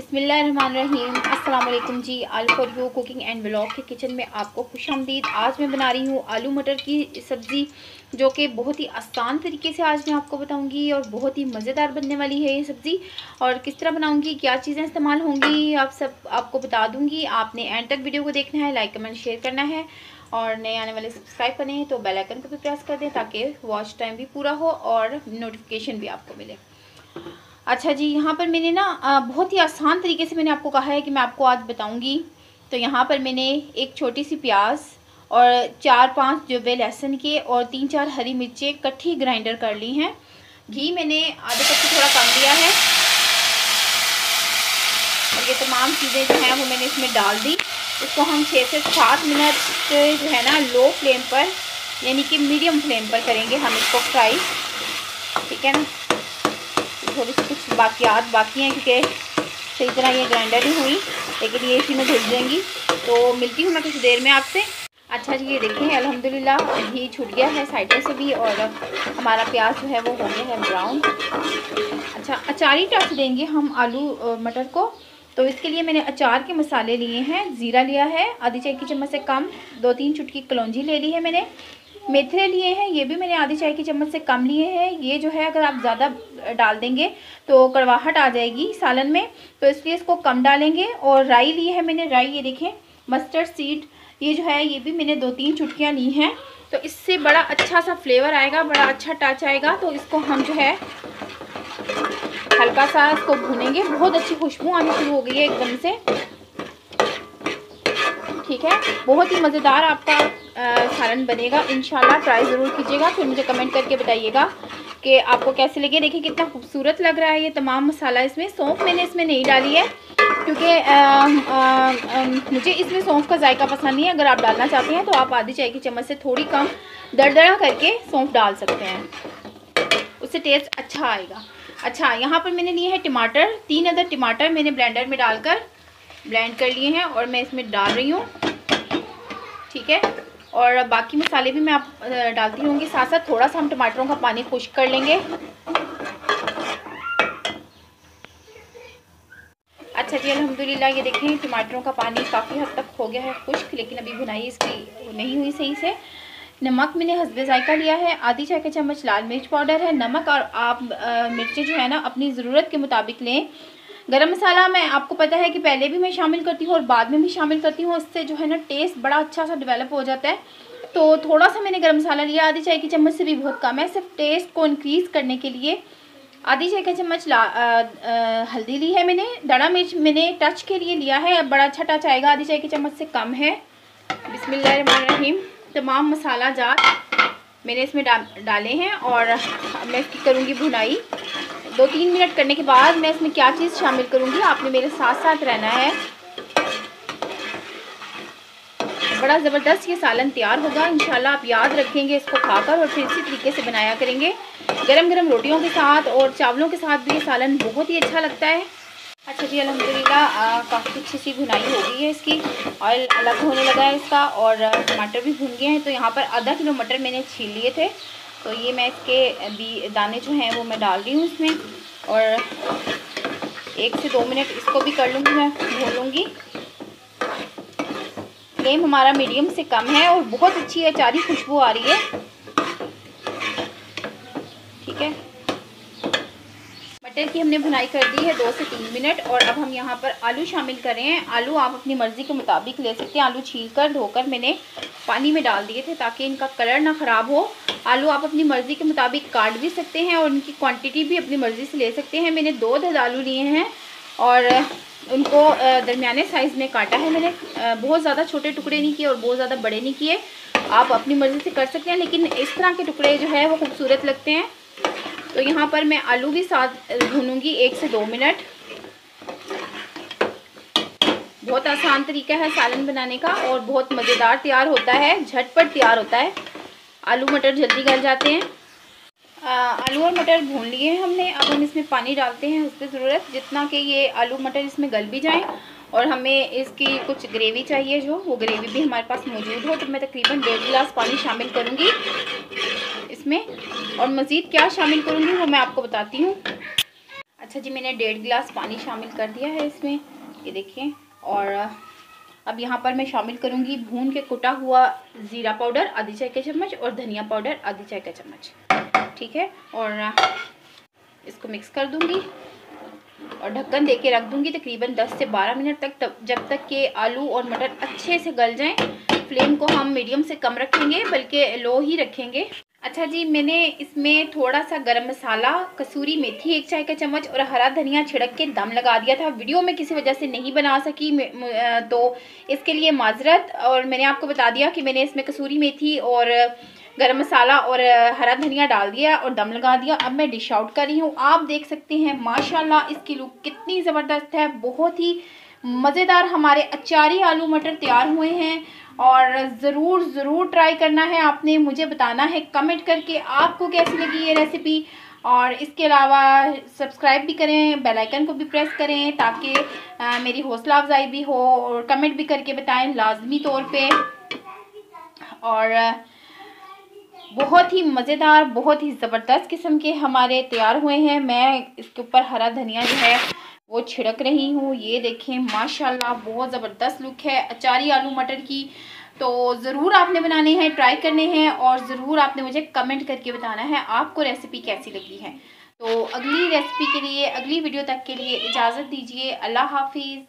बिसमीम अल्लाम जी all for you cooking and blog के किचन में आपको खुश आमदीद आज मैं बना रही हूँ आलू मटर की सब्ज़ी जो कि बहुत ही आसान तरीके से आज मैं आपको बताऊँगी और बहुत ही मज़ेदार बनने वाली है ये सब्ज़ी और किस तरह बनाऊँगी क्या चीज़ें इस्तेमाल होंगी आप सब आपको बता दूँगी आपने एंड तक वीडियो को देखना है लाइक कमेंट शेयर करना है और नए आने वाले सब्सक्राइब करने हैं तो बेल आइकन को भी प्रेस कर दें ताकि वॉच टाइम भी पूरा हो और नोटिफिकेशन भी आपको मिले अच्छा जी यहाँ पर मैंने ना बहुत ही आसान तरीके से मैंने आपको कहा है कि मैं आपको आज बताऊँगी तो यहाँ पर मैंने एक छोटी सी प्याज और चार पांच जो वे लहसुन के और तीन चार हरी मिर्चें कट्ठी ग्राइंडर कर ली हैं घी मैंने आधे कप से थोड़ा कम दिया है और ये तमाम चीज़ें जो हैं वो मैंने इसमें डाल दी इसको हम छः से सात मिनट जो है ना लो फ्लेम पर यानी कि मीडियम फ्लेम पर करेंगे हम इसको फ्राई ठीक है ना थोड़ी सी कुछ बाकियात बाकी हैं क्योंकि सही तरह ये ग्राइंडर नहीं हुई लेकिन ये इसी में भेज जाएंगी तो मिलती हूँ मैं कुछ देर में आपसे अच्छा जी ये देखें अलहमदिल्ला घी छूट गया है साइडों से भी और हमारा प्याज जो है वो हो गया है ब्राउन अच्छा अचार ही टच देंगे हम आलू मटर को तो इसके लिए मैंने अचार के मसाले लिए हैं ज़ीरा लिया है आधी चाय की चम्मच से कम दो तीन चुटकी कलौजी ले ली है मैंने मेथरे लिए हैं ये भी मैंने आधी चाय की चम्मच से कम लिए हैं ये जो है अगर आप ज़्यादा डाल देंगे तो कड़वाहट आ जाएगी सालन में तो इसलिए इसको कम डालेंगे और राई ली है मैंने राई ये देखें मस्टर्ड सीड ये जो है ये भी मैंने दो तीन चुटकियाँ ली हैं तो इससे बड़ा अच्छा सा फ्लेवर आएगा बड़ा अच्छा टच आएगा तो इसको हम जो है हल्का सा इसको भूनेंगे बहुत अच्छी खुशबू आनी शुरू हो गई है एकदम से ठीक है बहुत ही मज़ेदार आपका सालन बनेगा इन ट्राई ज़रूर कीजिएगा फिर मुझे कमेंट करके बताइएगा कि आपको कैसे लगे देखिए कितना खूबसूरत लग रहा है ये तमाम मसाला इसमें सौंफ मैंने इसमें नहीं डाली है क्योंकि मुझे इसमें सौंफ का जायका पसंद नहीं है अगर आप डालना चाहते हैं तो आप आधी चाय की चम्मच से थोड़ी कम दरदरा करके सौंफ डाल सकते हैं उससे टेस्ट अच्छा आएगा अच्छा यहाँ पर मैंने लिए हैं टमाटर तीन अदर टमाटर मैंने ब्लेंडर में डालकर ब्लेंड कर लिए हैं और मैं इसमें डाल रही हूँ ठीक है और बाकी मसाले भी मैं आप डालती रहूँगी साथ साथ थोड़ा सा हम टमाटरों का पानी खुश्क कर लेंगे अच्छा जी अलहमदिल्ला ये देखें टमाटरों का पानी काफ़ी हद तक हो गया है खुश्क लेकिन अभी भुनाई इसकी नहीं हुई सही से नमक मैंने हसबे जायका लिया है आधी चाय का चम्मच लाल मिर्च पाउडर है नमक और आप मिर्चें जो है ना अपनी ज़रूरत के मुताबिक लें गरम मसाला मैं आपको पता है कि पहले भी मैं शामिल करती हूँ और बाद में भी शामिल करती हूँ इससे जो है ना टेस्ट बड़ा अच्छा सा डेवलप हो जाता है तो थोड़ा सा मैंने गरम मसाला लिया आधी चाय की चम्मच से भी बहुत कम है सिर्फ टेस्ट को इनक्रीज़ करने के लिए आधी चाय का चम्मच ला आ, आ, हल्दी ली है मैंने दड़ा मिर्च मैंने टच के लिए लिया है बड़ा अच्छा टच आएगा आधी चाय की चम्मच से कम है बिसमीम तमाम मसाला जात मैंने इसमें डा, डाले हैं और मैं करूँगी भुनाई दो तीन मिनट करने के बाद मैं इसमें क्या चीज़ शामिल करूँगी आपने मेरे साथ साथ रहना है बड़ा ज़बरदस्त ये सालन तैयार होगा इन आप याद रखेंगे इसको खाकर और फिर इसी तरीके से बनाया करेंगे गरम गरम रोटियों के साथ और चावलों के साथ भी ये सालन बहुत ही अच्छा लगता है अच्छा जी अलहमदिल्ला काफ़ी अच्छी सी भुनाई हो गई है इसकी ऑयल अलग होने लगा है इसका और टमाटर भी भून गए हैं तो यहाँ पर आधा किलो मटर मैंने छीन लिए थे तो ये मैं इसके बी दाने जो हैं वो मैं डाल रही हूँ इसमें और एक से दो मिनट इसको भी कर लूँगी मैं धो लूँगी फ्लेम हमारा मीडियम से कम है और बहुत अच्छी अचारी खुशबू आ रही है ठीक है मटर की हमने भुनाई कर दी है दो से तीन मिनट और अब हम यहाँ पर आलू शामिल कर रहे हैं आलू आप अपनी मर्ज़ी के मुताबिक ले सकते हैं आलू छील कर धोकर मैंने पानी में डाल दिए थे ताकि इनका कलर ना ख़राब हो आलू आप अपनी मर्ज़ी के मुताबिक काट भी सकते हैं और उनकी क्वान्टिटी भी अपनी मर्ज़ी से ले सकते हैं मैंने दो दद आलू लिए हैं और उनको दरमियाने साइज़ में काटा है मैंने बहुत ज़्यादा छोटे टुकड़े नहीं किए और बहुत ज़्यादा बड़े नहीं किए आप अपनी मर्ज़ी से कर सकते हैं लेकिन इस तरह के टुकड़े जो है वो खूबसूरत लगते हैं तो यहाँ पर मैं आलू भी साथ भूनूंगी एक से दो मिनट बहुत आसान तरीका है सालन बनाने का और बहुत मज़ेदार तैयार होता है झटपट तैयार होता है आलू मटर जल्दी गल जाते हैं आलू और मटर भून लिए हैं हमने अब हम इसमें पानी डालते हैं उस पर ज़रूरत जितना कि ये आलू मटर इसमें गल भी जाएँ और हमें इसकी कुछ ग्रेवी चाहिए जो वो ग्रेवी भी हमारे पास मौजूद हो तो मैं तकरीबन डेढ़ गिलास पानी शामिल करूँगी इसमें और मज़ीद क्या शामिल करूँगी वो मैं आपको बताती हूँ अच्छा जी मैंने डेढ़ गिलास पानी शामिल कर दिया है इसमें ये देखें और अब यहाँ पर मैं शामिल करूँगी भून के कुटा हुआ ज़ीरा पाउडर आधी चाय का चम्मच और धनिया पाउडर आधी चाय का चम्मच ठीक है और इसको मिक्स कर दूँगी और ढक्कन दे के रख दूँगी तकरीबन 10 से 12 मिनट तक तब जब तक कि आलू और मटर अच्छे से गल जाएं फ्लेम को हम मीडियम से कम रखेंगे बल्कि लो ही रखेंगे अच्छा जी मैंने इसमें थोड़ा सा गरम मसाला कसूरी मेथी एक चाय का चम्मच और हरा धनिया छिड़क के दम लगा दिया था वीडियो में किसी वजह से नहीं बना सकी तो इसके लिए माजरत और मैंने आपको बता दिया कि मैंने इसमें कसूरी मेथी और गरम मसाला और हरा धनिया डाल दिया और दम लगा दिया अब मैं डिश आउट कर रही हूँ आप देख सकते हैं माशाला इसकी लुक कितनी ज़बरदस्त है बहुत ही मज़ेदार हमारे अचारी आलू मटर तैयार हुए हैं और ज़रूर ज़रूर ट्राई करना है आपने मुझे बताना है कमेंट करके आपको कैसी लगी ये रेसिपी और इसके अलावा सब्सक्राइब भी करें बेल आइकन को भी प्रेस करें ताकि मेरी हौसला अफजाई भी हो और कमेंट भी करके बताएं लाजमी तौर पे और बहुत ही मज़ेदार बहुत ही ज़बरदस्त किस्म के हमारे तैयार हुए हैं मैं इसके ऊपर हरा धनिया जो है वो छिड़क रही हूँ ये देखें माशाल्लाह बहुत ज़बरदस्त लुक है अचारी आलू मटर की तो ज़रूर आपने बनाने हैं ट्राई करने हैं और ज़रूर आपने मुझे कमेंट करके बताना है आपको रेसिपी कैसी लगी है तो अगली रेसिपी के लिए अगली वीडियो तक के लिए इजाज़त दीजिए अल्लाह हाफिज़